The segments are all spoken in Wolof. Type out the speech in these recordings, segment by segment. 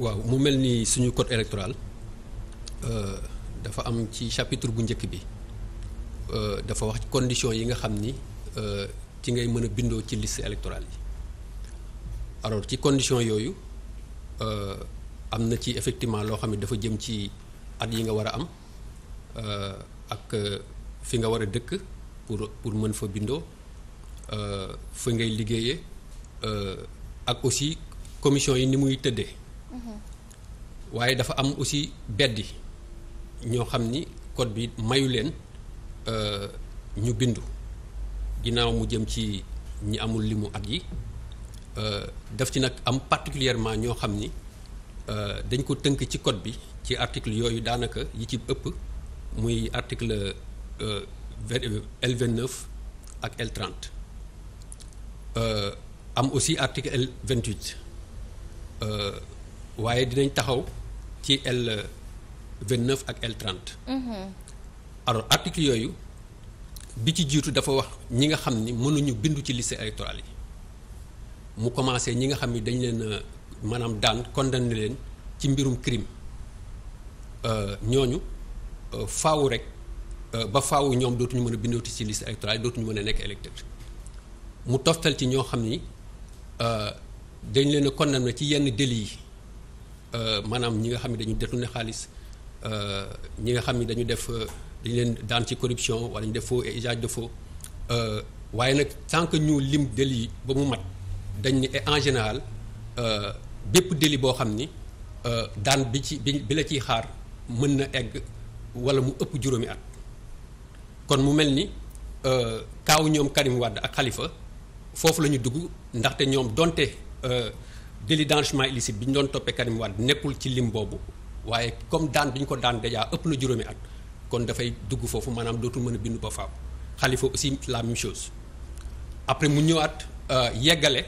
waaw mu mel ni suñu code électoral euh, dafa am ci chapitre bu njëkk bi euh, dafa wax conditions yi nga xam ni euh, ci ngay mën a bindoo ci liste électorale yi alors ci conditions yooyu am na ci effectivement loo xam ne dafa jëm ci at yi nga war a am ak fi nga war a dëkk pour pour mën fa bindoo fi ngay liggéeyee ak aussi commission yi ni muy tëddee. Mm-hmm. waaye dafa am aussi beddi ñoo xam ni code bi mayu leen euh, ñu bindu ginnaaw mu jëm ci ñi amul limu at yi euh, def ci nag am particulièrement ñoo xam ni euh, dañ ko tënk ci code bi ci article yooyu daanaka yi ci ëpp muy article L vingt neuf ak L trente am aussi article L vingt huit waaye dinañ taxaw ci L vingt ak L trente. Mhm. alors article yooyu bi ci jiitu dafa wax ñi nga xam ni mënuñu bindu ci liste électorale yi mu commencé ñi nga xam ni dañ leen maanaam daan condamné leen ci mbirum crime euh, ñooñu euh, faawu rek euh, ba faawu ñoom dootuñu mën a bindootu ci liste électorale yi dootuñu mën a nekk électeur mu toftal ci ñoo xam ni dañ leen a condamné ci yenn délits yi Euh, maanaam ñi nga xam ne dañu détourné xaalis euh, ñi nga xam ne dañu def euh, dañu leen daan ci corruption wala ñu def faux et usage de faux waaye nag tant que ñu lim délit yi ba mu mat dañ et en général bépp délit boo xam ni daan bi ci bi la ciy xaar mën na egg wala mu ëpp juróomi at kon mu mel ni kaaw ñoom Karim wàdd ak Khalifa foofu la ñu dugg ndaxte ñoom donte. délit d'enrichissement illicite bi ñu doon toppee Karim Wade nekkul ci lim boobu waaye comme daan bi ñu ko daan déjà ëpp na juróomi at kon dafay dugg foofu maanaam dootul mën a bindu ba faaw Khalifa aussi la même chose après mu ñëwaat euh, yeggale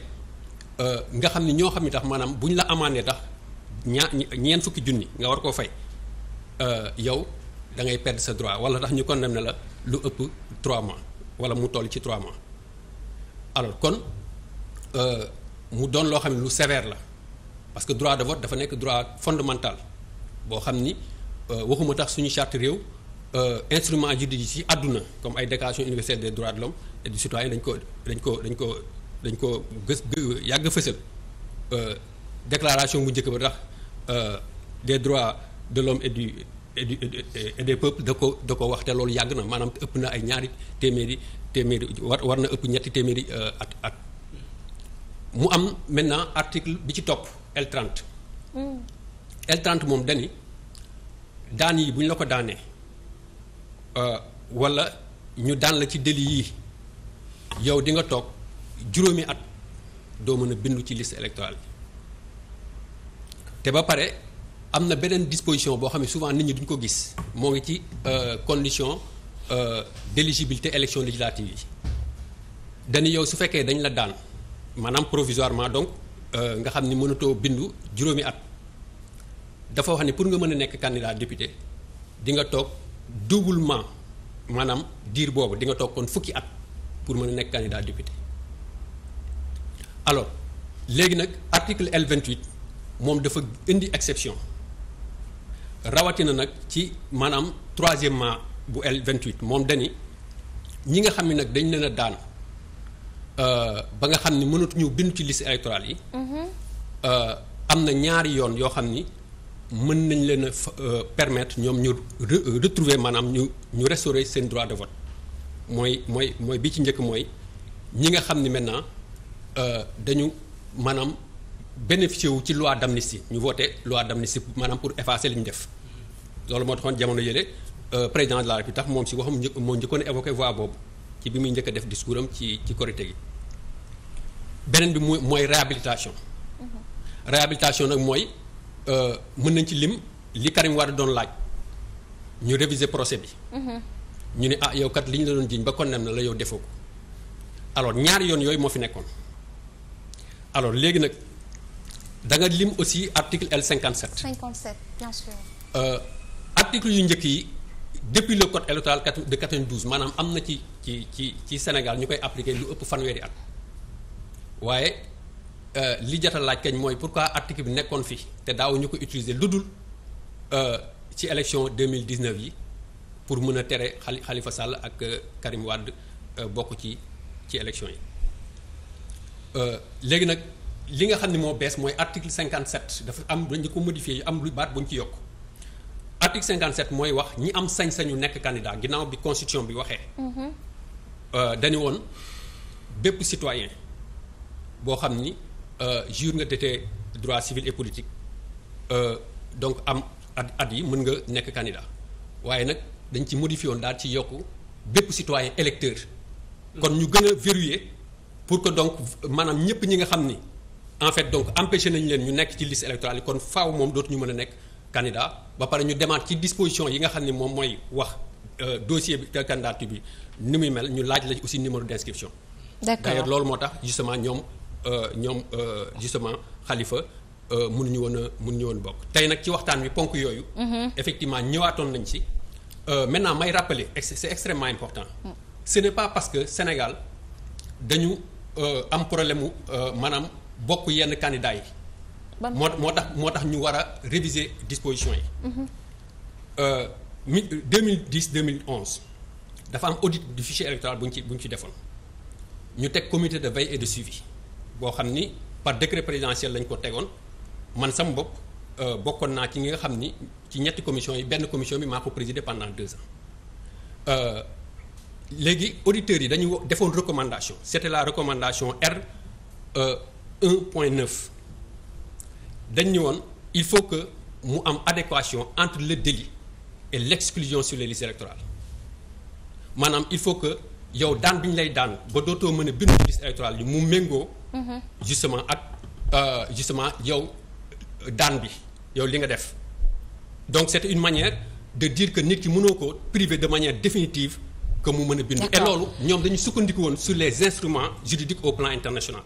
euh, nga xam ni ñoo xam ne tax maanaam bu ñu la amaanee tax ñaa ñeent fukki junni nga war koo fay euh, yow da ngay perdre sa droit wala tax ñu condamné la lu ëpp 3 mois wala mu toll ci 3 mois alors kon. mu doon loo xam ne lu sévère la parce que droit de vote dafa nekk droit fondamental boo xam ni euh, waxuma tax suñu charte réew euh, instrument juridique ci àdduna comme ay déclaration universelle des droits de l'homme et du citoyen dañ ko dañ ko dañ ko dañ ko gës yàgg fësal euh, déclaration bu njëkk ba tax des droit de l'homme et du et du et des peuples da ko da ko wax te loolu yàgg na maanaam ëpp na ay ñaari téeméeri téeméeri war war na ëpp ñetti téeméeri at at mu am maintenant article bi ci topp L30. Hmm. moom dani daan yi bu ñu la ko daanee euh, wala ñu daan la ci délit yi yow di nga toog juróomi at doo mën a bindu ci liste électorale bi te ba pare am na beneen disposition boo xam ne souvent nit ñi duñ ko gis moo ngi ci euh, condition euh, d'éligibilité élection législative yi dañu yow su fekkee dañ la daan maanaam provisoirement donc euh, nga xam ni mënatoo bindu juróomi at dafa wax ni pour nga mën a nekk candidat député di nga toog doublement maanaam diir boobu di nga toog kon fukki at pour mën a nekk candidat député alors léegi nag article L28 moom dafa indi exception rawatina nag ci maanaam troisièmement bu L28 moom dani ñi nga xam ni nag dañ leen a daan Euh, ba nga xam ni mënatuñu bind ci liste électorale yi. Mhm. Euh, am na ñaari yoon yoo xam ni mën nañ leen a euh, permettre ñoom ñu retrouver maanaam ñu ñu restaurer seen droit de vote mooy mooy mooy bi ci njëkk mooy ñi nga xam ni maintenant dañu maanaam bénéficier wu ci loi d'amnistie ñu voté loi d'amnistie maanaam pour effacer li ñu def loolu moo taxoon jamono yële président de la République tax moom si waxam moo njëkkoon évoqué voie boobu. ci bi muy njëkk a def discours am ci ci Korité gi beneen bi mooy mooy réhabilitation. Mm-hmm. réhabilitation nag mooy euh, mën nañ ci lim li Karim Wade doon laaj ñu réviser procès bi. Mm-hmm. ñu ne ah yow kat li ñu la doon jiiñ ba condamné na la yow defoo ko alors ñaari yoon yooyu moo fi nekkoon alors léegi nag da nga lim aussi article L57. 57 bien sûr. Euh, article yu njëkk yi. depuis le code électoral de 92 maanaam am na ci ci ci ci Sénégal ñu koy appliquer lu ëpp fanweeri at waaye euh, li jot laaj kañ mooy pourquoi article bi nekkoon fi te daaw ñu ko utiliser lu dul euh, ci élection 2019 yi pour mën a tere xali Khalifa Sall ak euh, Karim Wade bokk ci ci élection yi léegi nag li nga xam ni moo bees mooy article 57 dafa am dañu ko modifier yu am lu baat bu ñu ci yokk article 57 mooy wax ñi am sañ-sañu nekk candidat ginnaaw bi constitution bi waxee. Mm-hmm. Euh, dañu woon bépp citoyen boo xam ni euh, jur nga détee droit civil et politique euh, donc am at at yi mën nga nekk candidat waaye nag dañ ci modifie woon daal ci yokk bépp citoyen électeur kon ñu gën a verrouiller pour que donc maanaam ñëpp ñi nga xam ni en fait donc empêché nañu leen ñu nekk ci liste électorale yi kon faaw moom dootuñu mën a nekk candidat ba ñu demaat ci disposition yi nga xam ne moom mooy wax euh, dossier bi candidature bi ni muy mel ñu laaj la aussi numéro d' inscription. d' loolu moo tax justement ñoom euh, ñoom euh, justement xalifa mënuñu woon a mënuñu woon bokk tey nag ci waxtaan bi ponk yooyu. Mm-hmm. effectivement ñëwaatoon nañ ci. maintenant may rappeler c' est extrêmement important. ce n' pas parce que Sénégal dañu am problème mu maanaam bokk yenn candidats yi. moo moo tax moo tax ñu war a réviser dispositions yi. Mhm. Euh, mi 2010 2011 dafa am audit du fichier électoral bu ñu ci bu ñu ci defoon ñu teg commité de veille et de suivi boo xam ni par décret présidentiel lañ ko tegoon man sama bopp euh, bokkoon naa ci ñi nga xam ni ci ñetti commission yi benn commission bi maa ko présider pendant deux ans euh, léegi auditeurs yi dañu defoon recommandation c'était la recommandation R 1.9. dañ ñu woon il faut que mu am adéquation entre le délit et l'exclusion sur les listes électorales maanaam il faut que yow daan bi ñu lay daan ba dootoo mën a bindu ci liste électorale yi mu méngoo mhm. justement ak euh, justement yow daan bi yow li nga def donc c'était une manière de dire que nit ki mënoo ko priver de manière définitive que mu mën a bindu et loolu ñoom dañu sukkandiku woon sur les instruments juridiques au plan international